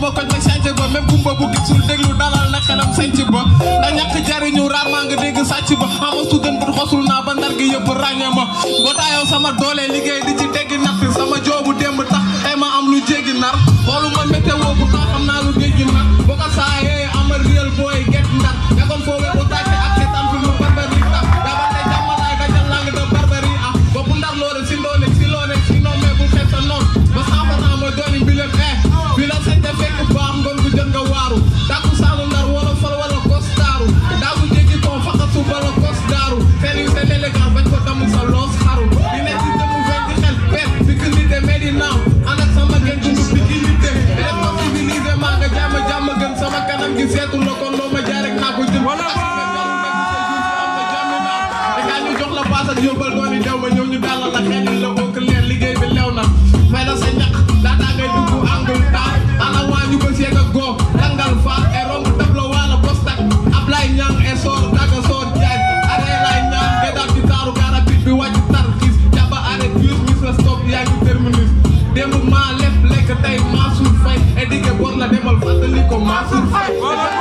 ba koñ ba sànc ba même kumba bu gisul déglu dalal na xelam sànc da ñàkk jariñu rarement nga dégg sàcc ba amasu gën bu xosul naa ba ndar gi yëpp ràññee ma bootaayoo sama doole liggéey di ci teggi natt sama joobu démb tax tey ma am lu jéggi nar xoolu ma météo bu tax xam naa lu jéggi nar daaku saanu ndar wala fal wala kos daaru daaku jéggi ton faxasu bala kos daaru seen yu seen élégance bañ ko damu sa loos xaru di nekk ci dëmu fen di xel peet bi ki nit de medi naaw ànd sama gën dund bi ki nit de def ma civilisé maa nga jàmm jàmm gën sama kanam gi seetu la kon la Federico Massa.